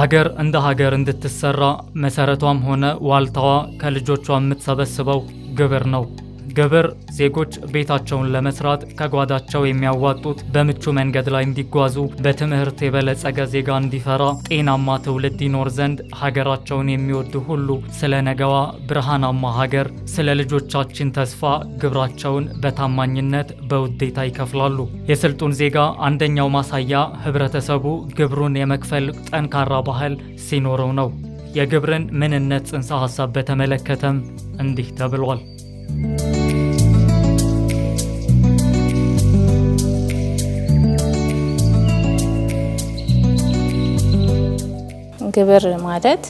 ሀገር እንደ ሀገር እንድትሰራ መሰረቷም ሆነ ዋልታዋ ከልጆቿ የምትሰበስበው ግብር ነው። ግብር ዜጎች ቤታቸውን ለመስራት ከጓዳቸው የሚያዋጡት በምቹ መንገድ ላይ እንዲጓዙ፣ በትምህርት የበለጸገ ዜጋ እንዲፈራ፣ ጤናማ ትውልድ ይኖር ዘንድ ሀገራቸውን የሚወዱ ሁሉ ስለ ነገዋ ብርሃናማ ሀገር፣ ስለ ልጆቻችን ተስፋ ግብራቸውን በታማኝነት በውዴታ ይከፍላሉ። የስልጡን ዜጋ አንደኛው ማሳያ ህብረተሰቡ ግብሩን የመክፈል ጠንካራ ባህል ሲኖረው ነው። የግብርን ምንነት ጽንሰ ሀሳብ በተመለከተም እንዲህ ተብሏል። ግብር ማለት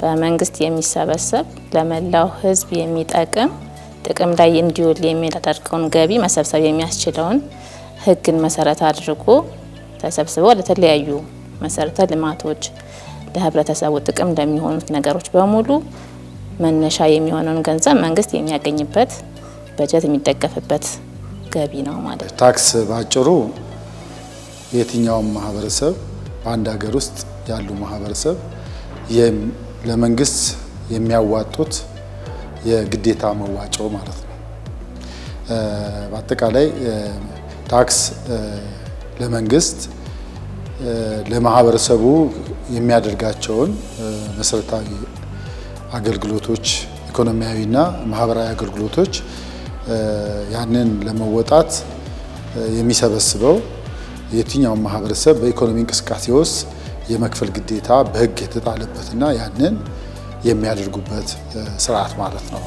በመንግስት የሚሰበሰብ ለመላው ህዝብ የሚጠቅም ጥቅም ላይ እንዲውል የሚያደርገውን ገቢ መሰብሰብ የሚያስችለውን ህግን መሰረት አድርጎ ተሰብስበው ለተለያዩ መሰረተ ልማቶች ለህብረተሰቡ ጥቅም ለሚሆኑት ነገሮች በሙሉ መነሻ የሚሆነውን ገንዘብ መንግስት የሚያገኝበት በጀት የሚደገፍበት ገቢ ነው ማለት ነው። ታክስ በአጭሩ የትኛውም ማህበረሰብ በአንድ ሀገር ውስጥ ያሉ ማህበረሰብ ለመንግስት የሚያዋጡት የግዴታ መዋጮ ማለት ነው። በአጠቃላይ ታክስ ለመንግስት ለማህበረሰቡ የሚያደርጋቸውን መሰረታዊ አገልግሎቶች ኢኮኖሚያዊና ማህበራዊ አገልግሎቶች ያንን ለመወጣት የሚሰበስበው የትኛውን ማህበረሰብ በኢኮኖሚ እንቅስቃሴ ውስጥ የመክፈል ግዴታ በህግ የተጣለበትና ያንን የሚያደርጉበት ስርዓት ማለት ነው።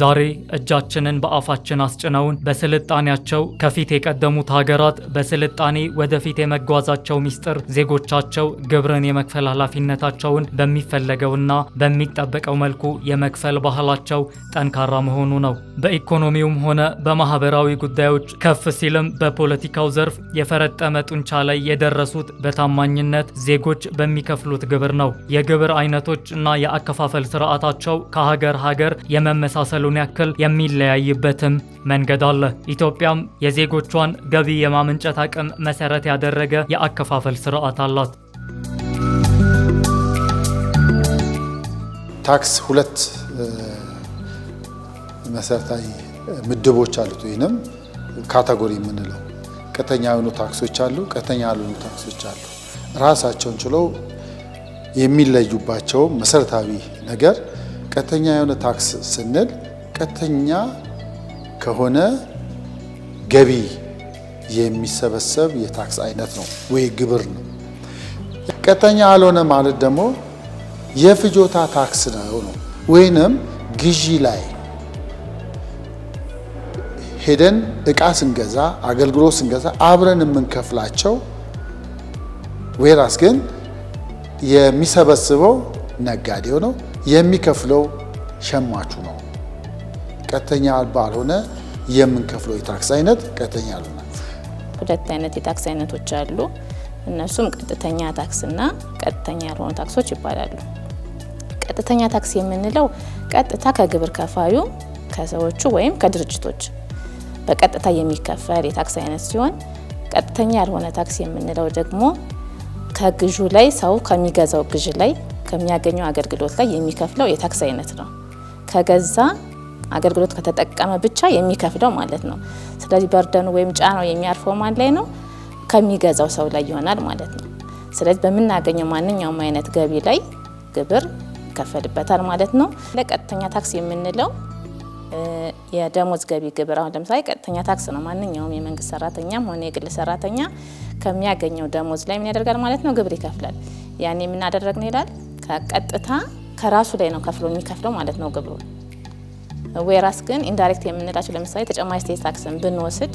ዛሬ እጃችንን በአፋችን አስጭነውን በስልጣኔያቸው ከፊት የቀደሙት ሀገራት በስልጣኔ ወደፊት የመጓዛቸው ሚስጥር ዜጎቻቸው ግብርን የመክፈል ኃላፊነታቸውን በሚፈለገውና በሚጠበቀው መልኩ የመክፈል ባህላቸው ጠንካራ መሆኑ ነው። በኢኮኖሚውም ሆነ በማህበራዊ ጉዳዮች ከፍ ሲልም በፖለቲካው ዘርፍ የፈረጠመ ጡንቻ ላይ የደረሱት በታማኝነት ዜጎች በሚከፍሉት ግብር ነው። የግብር አይነቶች እና የአከፋፈል ስርዓታቸው ከሀገር ሀገር የመመሳሰሉ የክልሉን ያክል የሚለያይበትም መንገድ አለ። ኢትዮጵያም የዜጎቿን ገቢ የማመንጨት አቅም መሰረት ያደረገ የአከፋፈል ስርዓት አላት። ታክስ ሁለት መሰረታዊ ምድቦች አሉት ወይንም ካታጎሪ የምንለው ቀጥተኛ የሆኑ ታክሶች አሉ፣ ቀጥተኛ ያልሆኑ ታክሶች አሉ። ራሳቸውን ችለው የሚለዩባቸው መሰረታዊ ነገር ቀጥተኛ የሆነ ታክስ ስንል ቀጥተኛ ከሆነ ገቢ የሚሰበሰብ የታክስ አይነት ነው ወይ ግብር ነው። ቀጥተኛ አልሆነ ማለት ደግሞ የፍጆታ ታክስ ነው ነው ወይንም ግዢ ላይ ሄደን እቃ ስንገዛ አገልግሎት ስንገዛ አብረን የምንከፍላቸው ዌራስ ግን የሚሰበስበው ነጋዴው ነው፣ የሚከፍለው ሸማቹ ነው። ቀጥተኛ ባልሆነ የምንከፍለው የታክስ አይነት ቀጥተኛ ያልሆነ ሁለት አይነት የታክስ አይነቶች አሉ። እነሱም ቀጥተኛ ታክስና ቀጥተኛ ያልሆኑ ታክሶች ይባላሉ። ቀጥተኛ ታክስ የምንለው ቀጥታ ከግብር ከፋዩ ከሰዎቹ ወይም ከድርጅቶች በቀጥታ የሚከፈል የታክስ አይነት ሲሆን ቀጥተኛ ያልሆነ ታክስ የምንለው ደግሞ ከግዡ ላይ ሰው ከሚገዛው ግዥ ላይ ከሚያገኘው አገልግሎት ላይ የሚከፍለው የታክስ አይነት ነው። ከገዛ አገልግሎት ከተጠቀመ ብቻ የሚከፍለው ማለት ነው። ስለዚህ በርደኑ ወይም ጫናው የሚያርፈው ማን ላይ ነው? ከሚገዛው ሰው ላይ ይሆናል ማለት ነው። ስለዚህ በምናገኘው ማንኛውም አይነት ገቢ ላይ ግብር ይከፈልበታል ማለት ነው። ለቀጥተኛ ታክስ የምንለው የደሞዝ ገቢ ግብር አሁን ለምሳሌ ቀጥተኛ ታክስ ነው። ማንኛውም የመንግስት ሰራተኛም ሆነ የግል ሰራተኛ ከሚያገኘው ደሞዝ ላይ ምን ያደርጋል ማለት ነው? ግብር ይከፍላል። ያኔ የምናደረግ ነው ይላል። ከቀጥታ ከራሱ ላይ ነው ከፍሎ የሚከፍለው ማለት ነው ግብሩ ዌራስ ግን ኢንዳይሬክት የምንላቸው ለምሳሌ ተጨማሪ ስቴት ታክስን ብንወስድ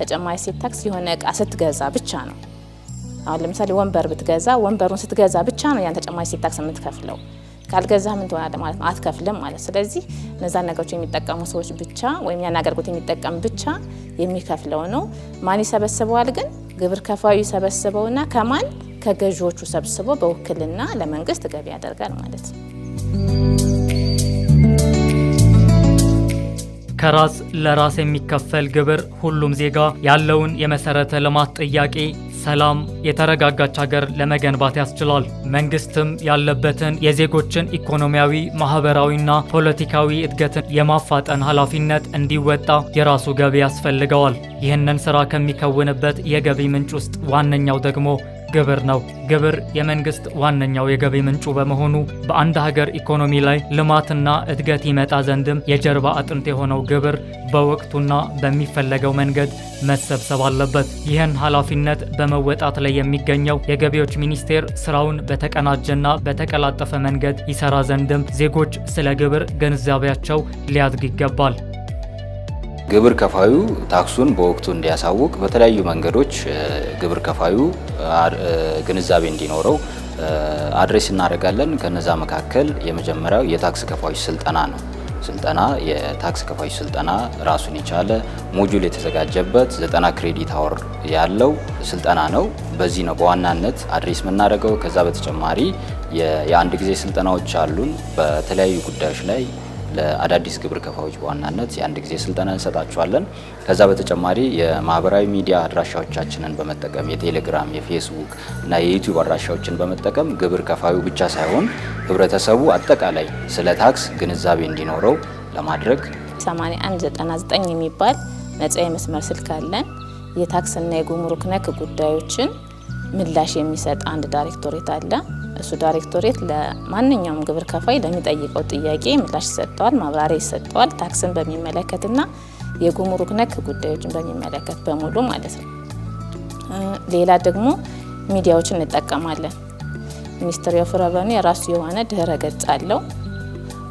ተጨማሪ ስቴት ታክስ የሆነ እቃ ስትገዛ ብቻ ነው። አሁን ለምሳሌ ወንበር ብትገዛ ወንበሩን ስትገዛ ብቻ ነው ያን ተጨማሪ ስቴት ታክስ የምትከፍለው። ካልገዛ ምን ትሆናለህ ማለት ነው? አትከፍልም ማለት። ስለዚህ እነዛን ነገሮች የሚጠቀሙ ሰዎች ብቻ ወይም ያን አገልግሎት የሚጠቀም ብቻ የሚከፍለው ነው። ማን ይሰበስበዋል ግን? ግብር ከፋዩ ይሰበስበውና ከማን ከገዢዎቹ ሰብስቦ በውክልና ለመንግስት ገቢ ያደርጋል ማለት ነው። ከራስ ለራስ የሚከፈል ግብር ሁሉም ዜጋ ያለውን የመሰረተ ልማት ጥያቄ ሰላም፣ የተረጋጋች ሀገር ለመገንባት ያስችላል። መንግስትም ያለበትን የዜጎችን ኢኮኖሚያዊ፣ ማህበራዊና ፖለቲካዊ እድገትን የማፋጠን ኃላፊነት እንዲወጣ የራሱ ገቢ ያስፈልገዋል። ይህንን ስራ ከሚከውንበት የገቢ ምንጭ ውስጥ ዋነኛው ደግሞ ግብር ነው። ግብር የመንግስት ዋነኛው የገቢ ምንጩ በመሆኑ በአንድ ሀገር ኢኮኖሚ ላይ ልማትና እድገት ይመጣ ዘንድም የጀርባ አጥንት የሆነው ግብር በወቅቱና በሚፈለገው መንገድ መሰብሰብ አለበት። ይህን ኃላፊነት በመወጣት ላይ የሚገኘው የገቢዎች ሚኒስቴር ስራውን በተቀናጀና በተቀላጠፈ መንገድ ይሰራ ዘንድም ዜጎች ስለ ግብር ግንዛቤያቸው ሊያድግ ይገባል። ግብር ከፋዩ ታክሱን በወቅቱ እንዲያሳውቅ በተለያዩ መንገዶች ግብር ከፋዩ ግንዛቤ እንዲኖረው አድሬስ እናደርጋለን። ከነዛ መካከል የመጀመሪያው የታክስ ከፋዮች ስልጠና ነው። ስልጠና የታክስ ከፋዩ ስልጠና ራሱን የቻለ ሞጁል የተዘጋጀበት ዘጠና ክሬዲት አወር ያለው ስልጠና ነው። በዚህ ነው በዋናነት አድሬስ የምናደርገው። ከዛ በተጨማሪ የአንድ ጊዜ ስልጠናዎች አሉን በተለያዩ ጉዳዮች ላይ ለአዳዲስ ግብር ከፋዎች በዋናነት የአንድ ጊዜ ስልጠና እንሰጣቸዋለን። ከዛ በተጨማሪ የማህበራዊ ሚዲያ አድራሻዎቻችንን በመጠቀም የቴሌግራም፣ የፌስቡክ እና የዩቲዩብ አድራሻዎችን በመጠቀም ግብር ከፋዩ ብቻ ሳይሆን ህብረተሰቡ አጠቃላይ ስለ ታክስ ግንዛቤ እንዲኖረው ለማድረግ 8199 የሚባል ነጻ የመስመር ስልክ አለን። የታክስና የጉምሩክ ነክ ጉዳዮችን ምላሽ የሚሰጥ አንድ ዳይሬክቶሬት አለ። እሱ ዳይሬክቶሬት ለማንኛውም ግብር ከፋይ ለሚጠይቀው ጥያቄ ምላሽ ይሰጠዋል፣ ማብራሪያ ይሰጠዋል። ታክስን በሚመለከትና የጉምሩክ ነክ ጉዳዮችን በሚመለከት በሙሉ ማለት ነው። ሌላ ደግሞ ሚዲያዎችን እንጠቀማለን። ሚኒስትሪ ኦፍ ረቨኒ የራሱ የሆነ ድህረ ገጽ አለው፣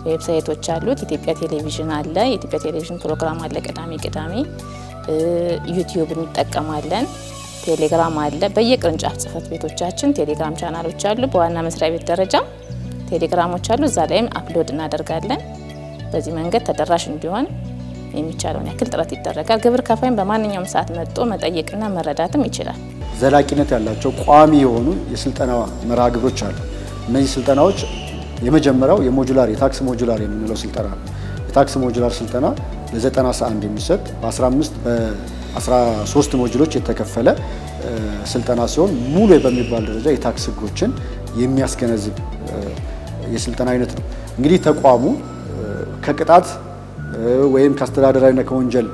ዌብሳይቶች አሉት። ኢትዮጵያ ቴሌቪዥን አለ፣ የኢትዮጵያ ቴሌቪዥን ፕሮግራም አለ ቅዳሜ ቅዳሜ። ዩቲዩብ እንጠቀማለን። ቴሌግራም አለ። በየቅርንጫፍ ጽህፈት ቤቶቻችን ቴሌግራም ቻናሎች አሉ። በዋና መስሪያ ቤት ደረጃ ቴሌግራሞች አሉ። እዛ ላይም አፕሎድ እናደርጋለን። በዚህ መንገድ ተደራሽ እንዲሆን የሚቻለውን ያክል ጥረት ይደረጋል። ግብር ከፋይም በማንኛውም ሰዓት መጥቶ መጠየቅና መረዳትም ይችላል። ዘላቂነት ያላቸው ቋሚ የሆኑ የስልጠና መርሃ ግብሮች አሉ። እነዚህ ስልጠናዎች የመጀመሪያው የሞጁላር የታክስ ሞጁላር የምንለው ስልጠና ነው። የታክስ ሞጁላር ስልጠና ለ 91 የሚሰጥ በ15 13 ሞጁሎች የተከፈለ ስልጠና ሲሆን ሙሉ በሚባል ደረጃ የታክስ ህጎችን የሚያስገነዝብ የስልጠና አይነት ነው። እንግዲህ ተቋሙ ከቅጣት ወይም ከአስተዳደራዊና ከወንጀል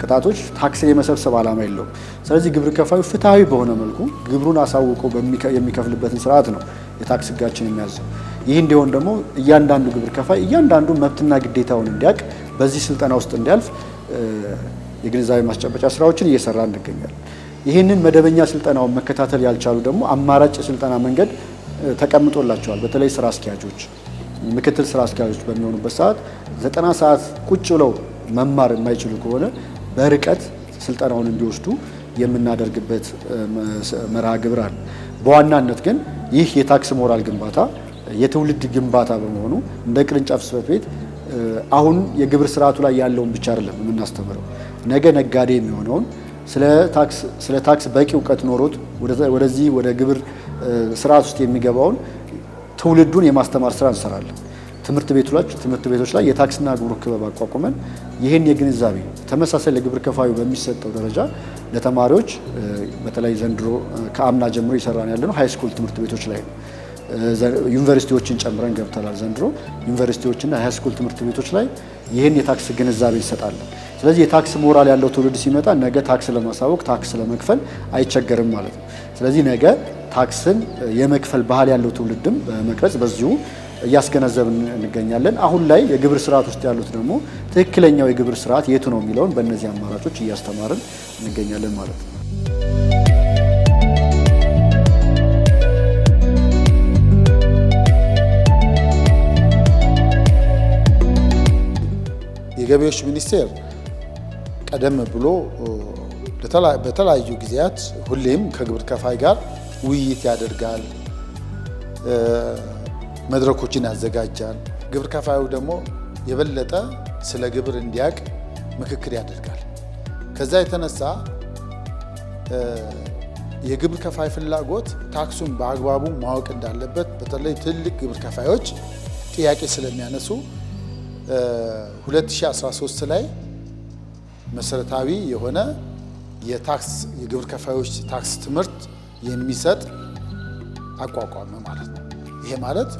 ቅጣቶች ታክስን የመሰብሰብ ዓላማ የለውም። ስለዚህ ግብር ከፋዩ ፍትሐዊ በሆነ መልኩ ግብሩን አሳውቆ የሚከፍልበትን ስርዓት ነው የታክስ ህጋችን የሚያዘው። ይህ እንዲሆን ደግሞ እያንዳንዱ ግብር ከፋይ እያንዳንዱ መብትና ግዴታውን እንዲያውቅ በዚህ ስልጠና ውስጥ እንዲያልፍ የግንዛቤ ማስጨበጫ ስራዎችን እየሰራ እንገኛለን። ይህንን መደበኛ ስልጠናውን መከታተል ያልቻሉ ደግሞ አማራጭ የስልጠና መንገድ ተቀምጦላቸዋል። በተለይ ስራ አስኪያጆች፣ ምክትል ስራ አስኪያጆች በሚሆኑበት ሰዓት ዘጠና ሰዓት ቁጭ ብለው መማር የማይችሉ ከሆነ በርቀት ስልጠናውን እንዲወስዱ የምናደርግበት መርሃ ግብር አለ። በዋናነት ግን ይህ የታክስ ሞራል ግንባታ የትውልድ ግንባታ በመሆኑ እንደ ቅርንጫፍ ጽሕፈት ቤት አሁን የግብር ስርዓቱ ላይ ያለውን ብቻ አይደለም የምናስተምረው፣ ነገ ነጋዴ የሚሆነውን ስለ ታክስ በቂ እውቀት ኖሮት ወደዚህ ወደ ግብር ስርዓት ውስጥ የሚገባውን ትውልዱን የማስተማር ስራ እንሰራለን። ትምህርት ቤቶች ትምህርት ቤቶች ላይ የታክስና ግብር ክበብ አቋቁመን ይህን የግንዛቤ ተመሳሳይ ለግብር ከፋዩ በሚሰጠው ደረጃ ለተማሪዎች በተለይ ዘንድሮ ከአምና ጀምሮ ይሰራን ያለነው ሃይስኩል ትምህርት ቤቶች ላይ ነው። ዩኒቨርሲቲዎችን ጨምረን ገብተናል። ዘንድሮ ዩኒቨርሲቲዎችና ሃይስኩል ትምህርት ቤቶች ላይ ይህን የታክስ ግንዛቤ እንሰጣለን። ስለዚህ የታክስ ሞራል ያለው ትውልድ ሲመጣ ነገ ታክስ ለማሳወቅ ታክስ ለመክፈል አይቸገርም ማለት ነው። ስለዚህ ነገ ታክስን የመክፈል ባህል ያለው ትውልድም በመቅረጽ በዚሁ እያስገነዘብን እንገኛለን። አሁን ላይ የግብር ስርዓት ውስጥ ያሉት ደግሞ ትክክለኛው የግብር ስርዓት የቱ ነው የሚለውን በእነዚህ አማራጮች እያስተማርን እንገኛለን ማለት ነው። የገቢዎች ሚኒስቴር ቀደም ብሎ በተለያዩ ጊዜያት ሁሌም ከግብር ከፋይ ጋር ውይይት ያደርጋል፣ መድረኮችን ያዘጋጃል። ግብር ከፋዩ ደግሞ የበለጠ ስለ ግብር እንዲያውቅ ምክክር ያደርጋል። ከዛ የተነሳ የግብር ከፋይ ፍላጎት ታክሱን በአግባቡ ማወቅ እንዳለበት በተለይ ትልቅ ግብር ከፋዮች ጥያቄ ስለሚያነሱ 2013 ላይ መሰረታዊ የሆነ የታክስ የግብር ከፋዮች ታክስ ትምህርት የሚሰጥ አቋቋመ ማለት ነው። ይሄ ማለት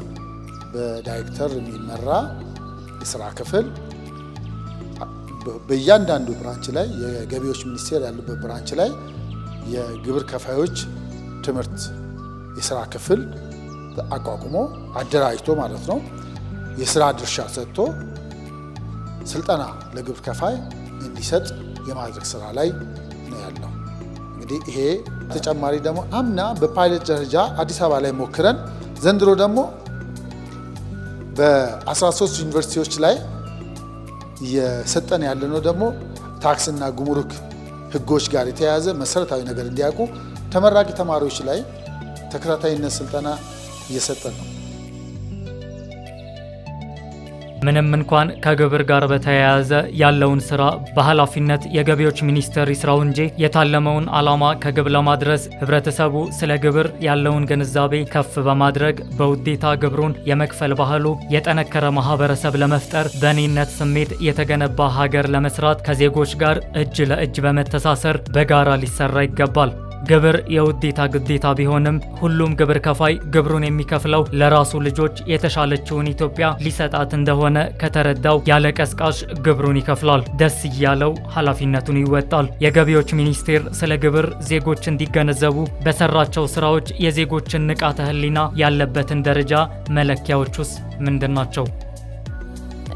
በዳይሬክተር የሚመራ የስራ ክፍል በእያንዳንዱ ብራንች ላይ የገቢዎች ሚኒስቴር ያለበት ብራንች ላይ የግብር ከፋዮች ትምህርት የስራ ክፍል አቋቁሞ አደራጅቶ ማለት ነው የስራ ድርሻ ሰጥቶ ስልጠና ለግብር ከፋይ እንዲሰጥ የማድረግ ስራ ላይ ነው ያለው። እንግዲህ ይሄ ተጨማሪ ደግሞ አምና በፓይለት ደረጃ አዲስ አበባ ላይ ሞክረን ዘንድሮ ደግሞ በ13 ዩኒቨርሲቲዎች ላይ እየሰጠን ነው። ደግሞ ታክስና ጉምሩክ ህጎች ጋር የተያያዘ መሰረታዊ ነገር እንዲያውቁ ተመራቂ ተማሪዎች ላይ ተከታታይነት ስልጠና እየሰጠን ነው። ምንም እንኳን ከግብር ጋር በተያያዘ ያለውን ስራ በኃላፊነት የገቢዎች ሚኒስቴር ይስራው እንጂ የታለመውን ዓላማ ከግብ ለማድረስ ህብረተሰቡ ስለ ግብር ያለውን ግንዛቤ ከፍ በማድረግ በውዴታ ግብሩን የመክፈል ባህሉ የጠነከረ ማህበረሰብ ለመፍጠር በእኔነት ስሜት የተገነባ ሀገር ለመስራት ከዜጎች ጋር እጅ ለእጅ በመተሳሰር በጋራ ሊሰራ ይገባል። ግብር የውዴታ ግዴታ ቢሆንም ሁሉም ግብር ከፋይ ግብሩን የሚከፍለው ለራሱ ልጆች የተሻለችውን ኢትዮጵያ ሊሰጣት እንደሆነ ከተረዳው ያለ ቀስቃሽ ግብሩን ይከፍላል። ደስ እያለው ኃላፊነቱን ይወጣል። የገቢዎች ሚኒስቴር ስለ ግብር ዜጎች እንዲገነዘቡ በሰራቸው ስራዎች የዜጎችን ንቃተ ህሊና ያለበትን ደረጃ መለኪያዎች ውስጥ ምንድን ናቸው?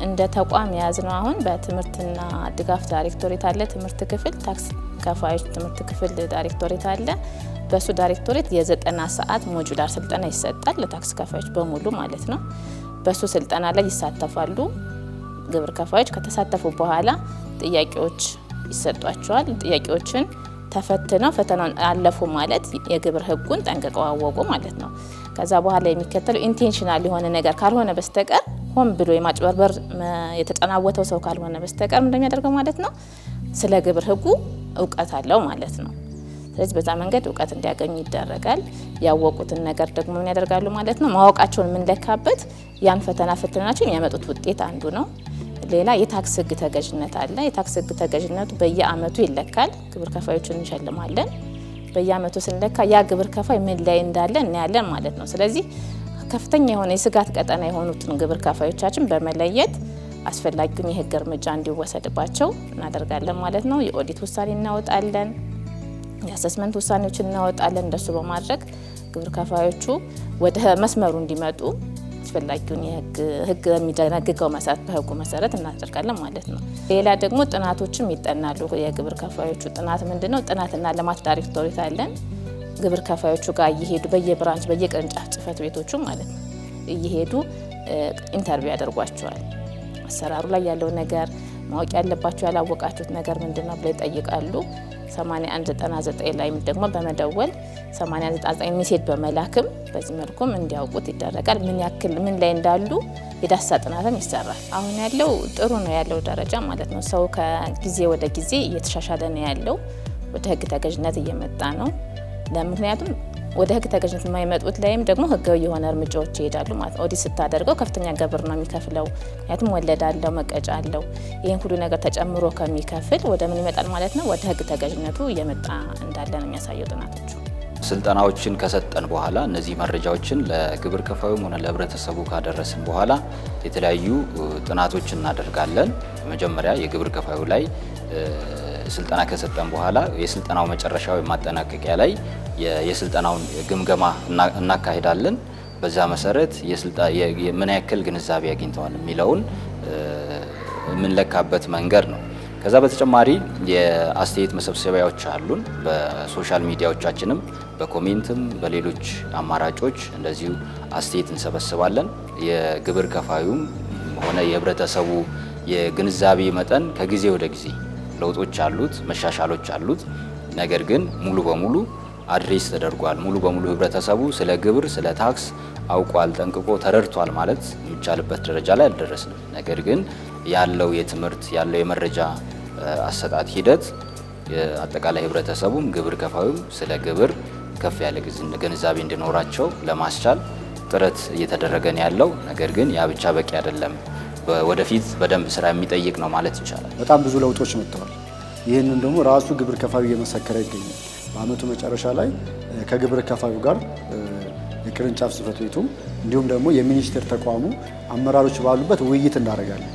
እንደ ተቋም የያዝነው አሁን በትምህርትና ድጋፍ ዳይሬክቶሬት አለ ትምህርት ክፍል ታክስ ተካፋዮች ትምህርት ክፍል ዳይሬክቶሬት አለ። በእሱ ዳይሬክቶሬት የዘጠና ሰዓት ሞጁላር ስልጠና ይሰጣል ለታክስ ከፋዮች በሙሉ ማለት ነው። በእሱ ስልጠና ላይ ይሳተፋሉ። ግብር ከፋዮች ከተሳተፉ በኋላ ጥያቄዎች ይሰጧቸዋል። ጥያቄዎችን ተፈትነው ፈተናውን አለፉ ማለት የግብር ህጉን ጠንቅቀው አወቁ ማለት ነው። ከዛ በኋላ የሚከተለው ኢንቴንሽናል የሆነ ነገር ካልሆነ በስተቀር ሆን ብሎ የማጭበርበር የተጠናወተው ሰው ካልሆነ በስተቀር እንደሚያደርገው ማለት ነው ስለ ግብር ህጉ እውቀት አለው ማለት ነው። ስለዚህ በዛ መንገድ እውቀት እንዲያገኙ ይደረጋል። ያወቁትን ነገር ደግሞ ምን ያደርጋሉ ማለት ነው። ማወቃቸውን የምንለካበት ያን ፈተና ፈተናቸውን ያመጡት ውጤት አንዱ ነው። ሌላ የታክስ ህግ ተገዥነት አለ። የታክስ ህግ ተገዥነቱ በየአመቱ ይለካል። ግብር ከፋዮችን እንሸልማለን። በየአመቱ ስንለካ ያ ግብር ከፋይ ምን ላይ እንዳለ እናያለን ማለት ነው። ስለዚህ ከፍተኛ የሆነ የስጋት ቀጠና የሆኑትን ግብር ከፋዮቻችን በመለየት አስፈላጊውን የህግ እርምጃ እንዲወሰድባቸው እናደርጋለን ማለት ነው። የኦዲት ውሳኔ እናወጣለን፣ የአሰስመንት ውሳኔዎችን እናወጣለን። እንደሱ በማድረግ ግብር ከፋዮቹ ወደ መስመሩ እንዲመጡ አስፈላጊውን ህግ የሚደነግገው መሰረት በህጉ መሰረት እናደርጋለን ማለት ነው። ሌላ ደግሞ ጥናቶችም ይጠናሉ። የግብር ከፋዮቹ ጥናት ምንድን ነው? ጥናትና ልማት ዳይሬክቶሬት አለን። ግብር ከፋዮቹ ጋር እየሄዱ በየብራንች በየቅርንጫፍ ጽህፈት ቤቶቹ ማለት ነው እየሄዱ ኢንተርቪው ያደርጓቸዋል። አሰራሩ ላይ ያለው ነገር ማወቅ ያለባቸው ያላወቃችሁት ነገር ምንድን ነው ብለው ይጠይቃሉ። 8199 ላይም ደግሞ በመደወል 8199 ሚሴድ በመላክም በዚህ መልኩም እንዲያውቁት ይደረጋል። ምን ያክል ምን ላይ እንዳሉ የዳሳ ጥናትም ይሰራል። አሁን ያለው ጥሩ ነው ያለው ደረጃ ማለት ነው። ሰው ከጊዜ ወደ ጊዜ እየተሻሻለ ነው ያለው፣ ወደ ህግ ተገዥነት እየመጣ ነው። ለምክንያቱም ወደ ህግ ተገዥነት የማይመጡት ላይም ደግሞ ህጋዊ የሆነ እርምጃዎች ይሄዳሉ ማለት ነው። ኦዲት ስታደርገው ከፍተኛ ግብር ነው የሚከፍለው፣ ምክንያቱም ወለድ አለው፣ መቀጫ አለው። ይህን ሁሉ ነገር ተጨምሮ ከሚከፍል ወደ ምን ይመጣል ማለት ነው? ወደ ህግ ተገዥነቱ እየመጣ እንዳለ ነው የሚያሳየው ጥናቶቹ። ስልጠናዎችን ከሰጠን በኋላ እነዚህ መረጃዎችን ለግብር ከፋዩም ሆነ ለህብረተሰቡ ካደረስን በኋላ የተለያዩ ጥናቶች እናደርጋለን። መጀመሪያ የግብር ከፋዩ ላይ ስልጠና ከሰጠን በኋላ የስልጠናው መጨረሻ ወይም ማጠናቀቂያ ላይ የስልጠናውን ግምገማ እናካሄዳለን። በዛ መሰረት ምን ያክል ግንዛቤ አግኝተዋል የሚለውን የምንለካበት መንገድ ነው። ከዛ በተጨማሪ የአስተያየት መሰብሰቢያዎች አሉን። በሶሻል ሚዲያዎቻችንም በኮሜንትም በሌሎች አማራጮች እንደዚሁ አስተያየት እንሰበስባለን። የግብር ከፋዩም ሆነ የህብረተሰቡ የግንዛቤ መጠን ከጊዜ ወደ ጊዜ ለውጦች አሉት፣ መሻሻሎች አሉት። ነገር ግን ሙሉ በሙሉ አድሬስ ተደርጓል። ሙሉ በሙሉ ህብረተሰቡ ስለ ግብር፣ ስለ ታክስ አውቋል፣ ጠንቅቆ ተረድቷል ማለት የሚቻልበት ደረጃ ላይ አልደረስንም። ነገር ግን ያለው የትምህርት ያለው የመረጃ አሰጣት ሂደት አጠቃላይ ህብረተሰቡም ግብር ከፋዩም ስለ ግብር ከፍ ያለ ግንዛቤ እንዲኖራቸው ለማስቻል ጥረት እየተደረገ ነው ያለው። ነገር ግን ያ ብቻ በቂ አይደለም። ወደፊት በደንብ ስራ የሚጠይቅ ነው ማለት ይቻላል። በጣም ብዙ ለውጦች መጥተዋል። ይህንን ደግሞ ራሱ ግብር ከፋዩ እየመሰከረ ይገኛል። በአመቱ መጨረሻ ላይ ከግብር ከፋዩ ጋር የቅርንጫፍ ጽህፈት ቤቱ እንዲሁም ደግሞ የሚኒስቴር ተቋሙ አመራሮች ባሉበት ውይይት እናደርጋለን።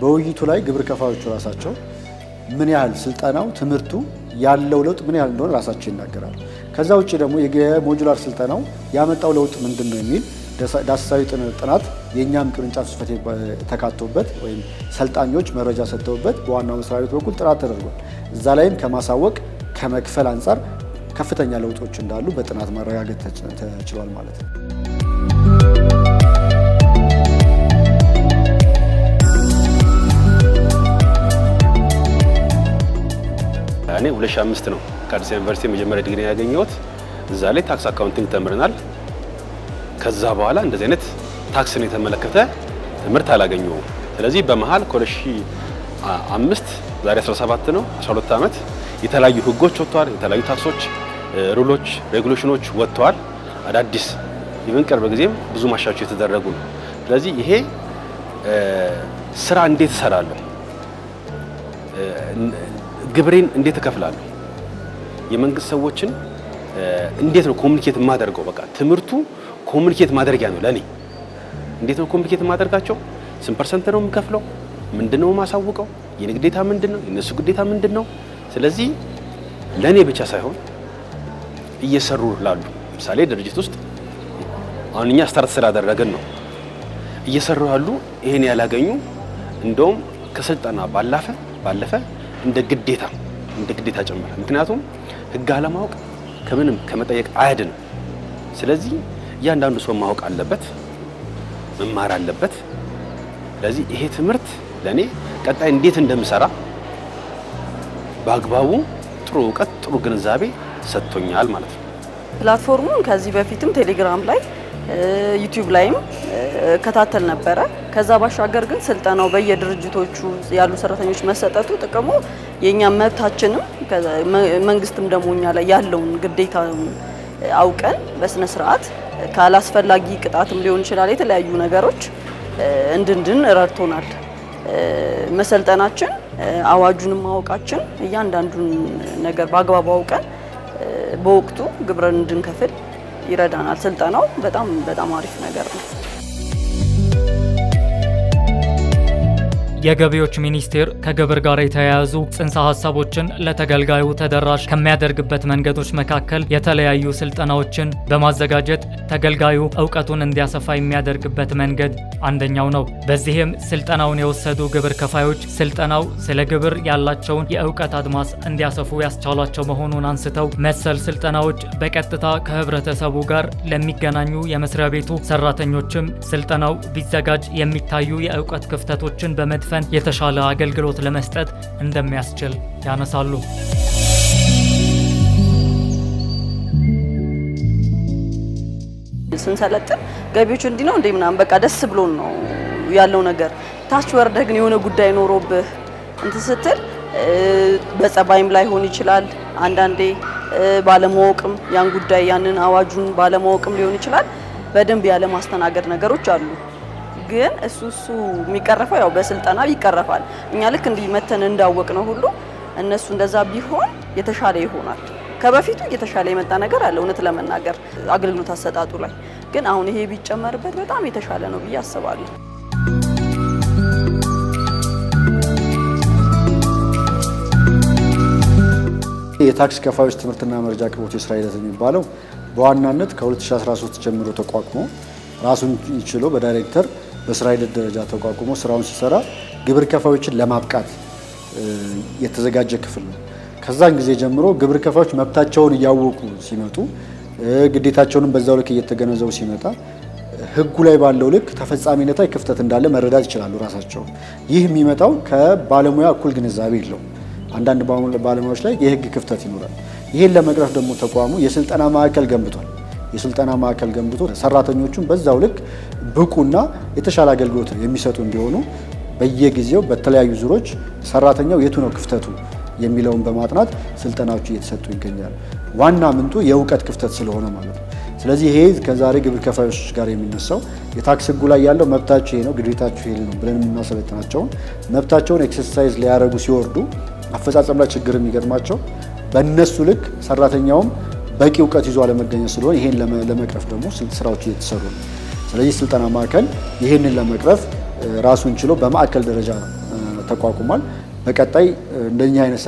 በውይይቱ ላይ ግብር ከፋዮቹ ራሳቸው ምን ያህል ስልጠናው ትምህርቱ ያለው ለውጥ ምን ያህል እንደሆነ ራሳቸው ይናገራሉ። ከዛ ውጭ ደግሞ የሞጁላር ስልጠናው ያመጣው ለውጥ ምንድን ነው የሚል ዳሰሳዊ ጥናት የእኛም ቅርንጫፍ ጽሕፈት ተካቶበት ወይም ሰልጣኞች መረጃ ሰጥተውበት በዋናው መስሪያ ቤት በኩል ጥናት ተደርጓል። እዛ ላይም ከማሳወቅ ከመክፈል አንጻር ከፍተኛ ለውጦች እንዳሉ በጥናት ማረጋገጥ ተችሏል ማለት ነው። እኔ 2005 ነው ከአዲስ ዩኒቨርሲቲ መጀመሪያ ዲግሪ ያገኘሁት። እዛ ላይ ታክስ አካውንቲንግ ተምረናል። ከዛ በኋላ እንደዚህ አይነት ታክስን የተመለከተ ትምህርት አላገኘሁም። ስለዚህ በመሀል ከ2005 ዛሬ 17 ነው 12 ዓመት የተለያዩ ህጎች ወጥተዋል። የተለያዩ ታክሶች፣ ሩሎች፣ ሬጉሌሽኖች ወጥተዋል። አዳዲስ ይህን ቅርብ ጊዜም ብዙ ማሻቸው የተደረጉ ነው። ስለዚህ ይሄ ስራ እንዴት እሰራለሁ፣ ግብሬን እንዴት እከፍላለሁ፣ የመንግስት ሰዎችን እንዴት ነው ኮሚኒኬት የማደርገው? በቃ ትምህርቱ ኮሚኒኬት ማድረጊያ ነው ለእኔ። እንዴት ነው ኮምፕሊኬት የማደርጋቸው? ስንት ፐርሰንት ነው የምከፍለው? ምንድነው የማሳውቀው? የኔ ግዴታ ምንድነው ግዴታ ምንድነው? ስለዚህ ለእኔ ብቻ ሳይሆን እየሰሩ ላሉ ለምሳሌ ድርጅት ውስጥ አሁን እኛ ስታርት ስላደረግን ነው እየሰሩ ያሉ ይሄን ያላገኙ እንደውም ከስልጠና ባላፈ ባለፈ እንደ ግዴታ እንደ ግዴታ ጭምር ምክንያቱም ህግ አለማወቅ ከምንም ከመጠየቅ አያድንም። ስለዚህ እያንዳንዱ ሰው ማወቅ አለበት። መማር አለበት። ስለዚህ ይሄ ትምህርት ለእኔ ቀጣይ እንዴት እንደምሰራ በአግባቡ ጥሩ እውቀት፣ ጥሩ ግንዛቤ ሰጥቶኛል ማለት ነው። ፕላትፎርሙን ከዚህ በፊትም ቴሌግራም ላይ ዩቲዩብ ላይም እከታተል ነበረ። ከዛ ባሻገር ግን ስልጠናው በየድርጅቶቹ ያሉ ሰራተኞች መሰጠቱ ጥቅሙ የእኛ መብታችንም መንግስትም ደግሞ እኛ ላይ ያለውን ግዴታ አውቀን በስነ ስርዓት ካላስፈላጊ ቅጣትም ሊሆን ይችላል የተለያዩ ነገሮች እንድንድን ረድቶናል። መሰልጠናችን፣ አዋጁንም ማወቃችን እያንዳንዱን ነገር በአግባቡ አውቀን በወቅቱ ግብርን እንድንከፍል ይረዳናል። ስልጠናው በጣም በጣም አሪፍ ነገር ነው። የገቢዎች ሚኒስቴር ከግብር ጋር የተያያዙ ጽንሰ ሀሳቦችን ለተገልጋዩ ተደራሽ ከሚያደርግበት መንገዶች መካከል የተለያዩ ስልጠናዎችን በማዘጋጀት ተገልጋዩ እውቀቱን እንዲያሰፋ የሚያደርግበት መንገድ አንደኛው ነው። በዚህም ስልጠናውን የወሰዱ ግብር ከፋዮች ስልጠናው ስለ ግብር ያላቸውን የእውቀት አድማስ እንዲያሰፉ ያስቻሏቸው መሆኑን አንስተው መሰል ስልጠናዎች በቀጥታ ከህብረተሰቡ ጋር ለሚገናኙ የመስሪያ ቤቱ ሰራተኞችም ስልጠናው ቢዘጋጅ የሚታዩ የእውቀት ክፍተቶችን በመድፈ በማስፈን የተሻለ አገልግሎት ለመስጠት እንደሚያስችል ያነሳሉ። ስንሰለጥን ገቢዎች እንዲህ ነው እንዴ ምናምን በቃ ደስ ብሎን ነው ያለው ነገር። ታች ወርደህ ግን የሆነ ጉዳይ ኖሮብህ እንትን ስትል በጸባይም ላይሆን ይችላል አንዳንዴ ባለማወቅም ያን ጉዳይ ያንን አዋጁን ባለማወቅም ሊሆን ይችላል። በደንብ ያለማስተናገድ ነገሮች አሉ። ግን እሱ እሱ የሚቀረፈው ያው በስልጠና ይቀረፋል። እኛ ልክ እንዲህ መተን እንዳወቅ ነው ሁሉ እነሱ እንደዛ ቢሆን የተሻለ ይሆናል። ከበፊቱ የተሻለ የመጣ ነገር አለ እውነት ለመናገር አገልግሎት አሰጣጡ ላይ ግን አሁን ይሄ ቢጨመርበት በጣም የተሻለ ነው ብዬ አስባለሁ። የታክስ ከፋዮች ትምህርትና መረጃ አቅርቦት የስራ ሂደት የሚባለው በዋናነት ከ2013 ጀምሮ ተቋቁሞ ራሱን ችሎ በዳይሬክተር በስራ ሂደት ደረጃ ተቋቁሞ ስራውን ሲሰራ ግብር ከፋዮችን ለማብቃት የተዘጋጀ ክፍል ነው። ከዛን ጊዜ ጀምሮ ግብር ከፋዮች መብታቸውን እያወቁ ሲመጡ ግዴታቸውንም በዛው ልክ እየተገነዘቡ ሲመጣ ህጉ ላይ ባለው ልክ ተፈጻሚነት ላይ ክፍተት እንዳለ መረዳት ይችላሉ ራሳቸው። ይህ የሚመጣው ከባለሙያ እኩል ግንዛቤ የለው። አንዳንድ ባለሙያዎች ላይ የህግ ክፍተት ይኖራል። ይህን ለመቅረፍ ደግሞ ተቋሙ የስልጠና ማዕከል ገንብቷል። የስልጠና ማዕከል ገንብቶ ሰራተኞቹን በዛው ልክ ብቁና የተሻለ አገልግሎት የሚሰጡ እንዲሆኑ በየጊዜው በተለያዩ ዙሮች ሰራተኛው የቱ ነው ክፍተቱ የሚለውን በማጥናት ስልጠናዎች እየተሰጡ ይገኛል። ዋና ምንጡ የእውቀት ክፍተት ስለሆነ ማለት ነው። ስለዚህ ይሄ ከዛሬ ግብር ከፋዮች ጋር የሚነሳው የታክስ ህጉ ላይ ያለው መብታቸው ይሄ ነው፣ ግዴታቸው ይሄ ነው ብለን የምናሰለጥናቸውን መብታቸውን ኤክሰርሳይዝ ሊያደርጉ ሲወርዱ አፈጻጸም ላይ ችግር የሚገጥማቸው በእነሱ ልክ ሰራተኛውም በቂ እውቀት ይዞ አለመገኘት ስለሆነ ይሄን ለመቅረፍ ደግሞ ስራዎች እየተሰሩ ነው። ስለዚህ ስልጠና ማዕከል ይህንን ለመቅረፍ ራሱን ችሎ በማዕከል ደረጃ ተቋቁሟል። በቀጣይ እንደኛ አይነት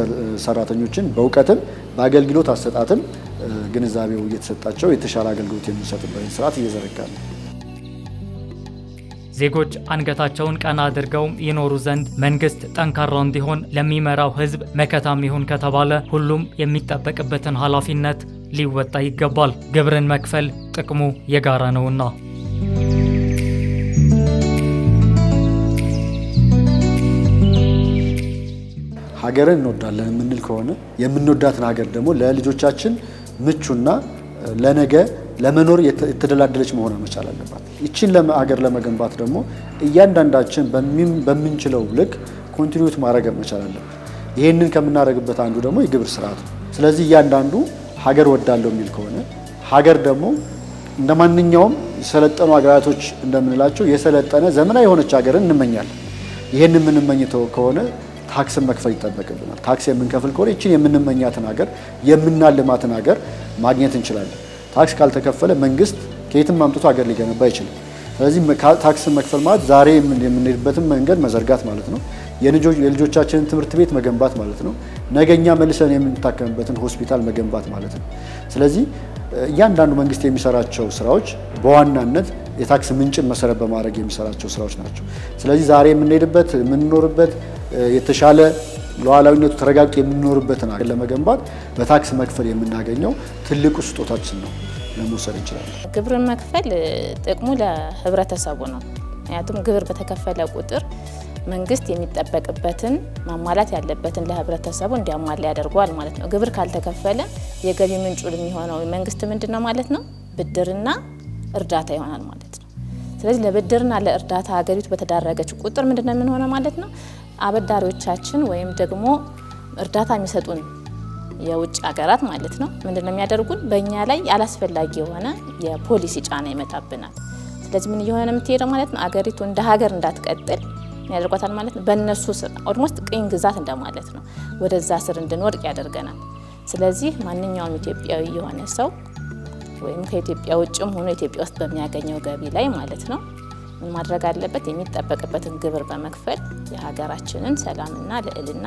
ሰራተኞችን በእውቀትም በአገልግሎት አሰጣትም ግንዛቤው እየተሰጣቸው የተሻለ አገልግሎት የሚሰጥበትን ስርዓት እየዘረጋል። ዜጎች አንገታቸውን ቀና አድርገው ይኖሩ ዘንድ መንግስት ጠንካራ እንዲሆን ለሚመራው ህዝብ መከታም ይሁን ከተባለ ሁሉም የሚጠበቅበትን ኃላፊነት ሊወጣ ይገባል። ግብርን መክፈል ጥቅሙ የጋራ ነውና ሀገርን እንወዳለን የምንል ከሆነ የምንወዳትን ሀገር ደግሞ ለልጆቻችን ምቹና ለነገ ለመኖር የተደላደለች መሆን መቻል አለባት። ይችን ሀገር ለመገንባት ደግሞ እያንዳንዳችን በምንችለው ልክ ኮንቲኒዩት ማድረግ መቻል አለበት። ይህንን ከምናደርግበት አንዱ ደግሞ የግብር ስርዓት ነው። ስለዚህ እያንዳንዱ ሀገር ወዳለው የሚል ከሆነ ሀገር ደግሞ እንደ ማንኛውም የሰለጠኑ ሀገራቶች እንደምንላቸው የሰለጠነ ዘመናዊ የሆነች ሀገርን እንመኛለን። ይህን የምንመኝተው ከሆነ ታክስን መክፈል ይጠበቅብናል። ታክስ የምንከፍል ከሆነ ይችን የምንመኛትን ሀገር የምናልማትን ሀገር ማግኘት እንችላለን። ታክስ ካልተከፈለ መንግስት ከየትም አምጥቶ ሀገር ሊገነባ አይችልም። ስለዚህ ታክስን መክፈል ማለት ዛሬ የምንሄድበትን መንገድ መዘርጋት ማለት ነው። የልጆቻችንን ትምህርት ቤት መገንባት ማለት ነው። ነገኛ መልሰን የምንታከምበትን ሆስፒታል መገንባት ማለት ነው። ስለዚህ እያንዳንዱ መንግስት የሚሰራቸው ስራዎች በዋናነት የታክስ ምንጭን መሰረት በማድረግ የሚሰራቸው ስራዎች ናቸው። ስለዚህ ዛሬ የምንሄድበት የምንኖርበት የተሻለ ሉዓላዊነቱ ተረጋግጦ የምንኖርበትን አገር ለመገንባት በታክስ መክፈል የምናገኘው ትልቁ ስጦታችን ነው ለመውሰድ እንችላለን። ግብርን መክፈል ጥቅሙ ለህብረተሰቡ ነው። ምክንያቱም ግብር በተከፈለ ቁጥር መንግስት የሚጠበቅበትን ማሟላት ያለበትን ለህብረተሰቡ እንዲያሟላ ያደርገዋል ማለት ነው። ግብር ካልተከፈለ የገቢ ምንጩ የሚሆነው መንግስት ምንድን ነው ማለት ነው? ብድርና እርዳታ ይሆናል ማለት ነው። ስለዚህ ለብድርና ለእርዳታ ሀገሪቱ በተዳረገች ቁጥር ምንድነው የምንሆነው ማለት ነው? አበዳሪዎቻችን ወይም ደግሞ እርዳታ የሚሰጡን የውጭ ሀገራት ማለት ነው ምንድነው የሚያደርጉን? በእኛ ላይ አላስፈላጊ የሆነ የፖሊሲ ጫና ይመጣብናል። ስለዚህ ምን እየሆነ የምትሄደው ማለት ነው አገሪቱ እንደ ሀገር እንዳትቀጥል ያደርጓታል ማለት ነው። በእነሱ ስር ኦልሞስት ቅኝ ግዛት እንደማለት ነው። ወደዛ ስር እንድንወድቅ ያደርገናል። ስለዚህ ማንኛውም ኢትዮጵያዊ የሆነ ሰው ወይም ከኢትዮጵያ ውጭም ሆኖ ኢትዮጵያ ውስጥ በሚያገኘው ገቢ ላይ ማለት ነው ማድረግ አለበት የሚጠበቅበትን ግብር በመክፈል የሀገራችንን ሰላምና ልዕልና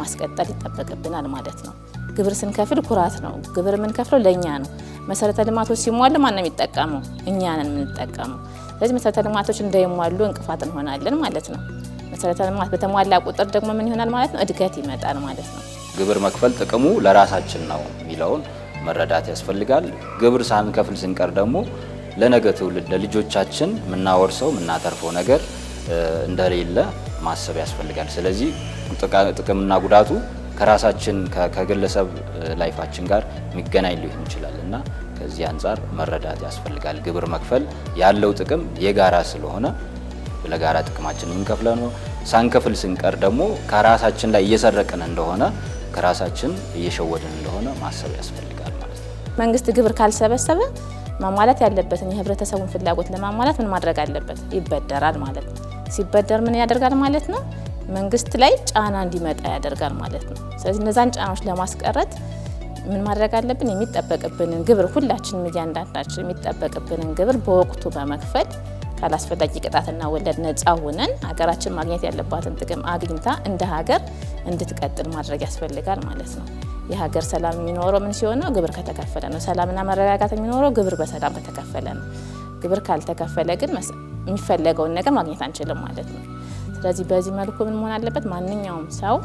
ማስቀጠል ይጠበቅብናል ማለት ነው። ግብር ስንከፍል ኩራት ነው። ግብር የምንከፍለው ለእኛ ነው። መሰረተ ልማቶች ሲሟሉ ማነው የሚጠቀመው? እኛን የምንጠቀመው። ስለዚህ መሰረተ ልማቶች እንዳይሟሉ እንቅፋት እንሆናለን ማለት ነው። መሰረተ ልማት በተሟላ ቁጥር ደግሞ ምን ይሆናል ማለት ነው? እድገት ይመጣል ማለት ነው። ግብር መክፈል ጥቅሙ ለራሳችን ነው የሚለውን መረዳት ያስፈልጋል። ግብር ሳንከፍል ስንቀር ደግሞ ለነገ ትውልድ ለልጆቻችን የምናወርሰው የምናተርፈው ነገር እንደሌለ ማሰብ ያስፈልጋል። ስለዚህ ጥቅምና ጉዳቱ ከራሳችን ከግለሰብ ላይፋችን ጋር የሚገናኝ ሊሆን ይችላል እና ከዚህ አንጻር መረዳት ያስፈልጋል። ግብር መክፈል ያለው ጥቅም የጋራ ስለሆነ ለጋራ ጥቅማችን የምንከፍለ ነው። ሳንከፍል ስንቀር ደግሞ ከራሳችን ላይ እየሰረቅን እንደሆነ ከራሳችን እየሸወድን እንደሆነ ማሰብ ያስፈልጋል ማለት ነው። መንግስት ግብር ካልሰበሰበ ማሟላት ያለበትን የህብረተሰቡን ፍላጎት ለማሟላት ምን ማድረግ አለበት? ይበደራል ማለት ነው። ሲበደር ምን ያደርጋል ማለት ነው? መንግስት ላይ ጫና እንዲመጣ ያደርጋል ማለት ነው። ስለዚህ እነዛን ጫናዎች ለማስቀረት ምን ማድረግ አለብን? የሚጠበቅብንን ግብር ሁላችንም እያንዳንዳችን የሚጠበቅብንን ግብር በወቅቱ በመክፈል ካላስፈላጊ ቅጣትና ወለድ ነፃ ሆነን ሀገራችን ማግኘት ያለባትን ጥቅም አግኝታ እንደ ሀገር እንድትቀጥል ማድረግ ያስፈልጋል ማለት ነው። የሀገር ሰላም የሚኖረው ምን ሲሆነው ግብር ከተከፈለ ነው። ሰላምና መረጋጋት የሚኖረው ግብር በሰላም ከተከፈለ ነው። ግብር ካልተከፈለ ግን የሚፈለገውን ነገር ማግኘት አንችልም ማለት ነው። ስለዚህ በዚህ መልኩ ምን መሆን አለበት? ማንኛውም ሰው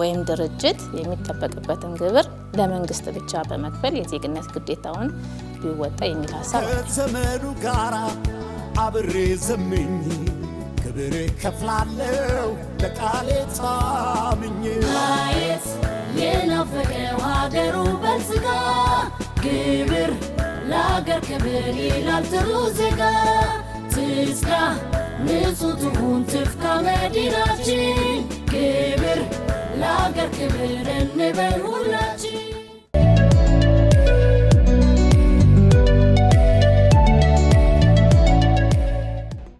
ወይም ድርጅት የሚጠበቅበትን ግብር ለመንግስት ብቻ በመክፈል የዜግነት ግዴታውን ቢወጣ የሚል ሀሳብ ነው። አብሬ ዘምኝ ክብር ከፍላለው ለቃሌ ታምኝ ማየት የናፈቀው ሀገሩ በልጽጋ ግብር ለአገር ክብር ይላል ጥሩ ዜጋ ትጽጋ ንጹህ ትሁን ትፍካ መዲናችን ግብር ለአገር ክብር እንበል ሁላችን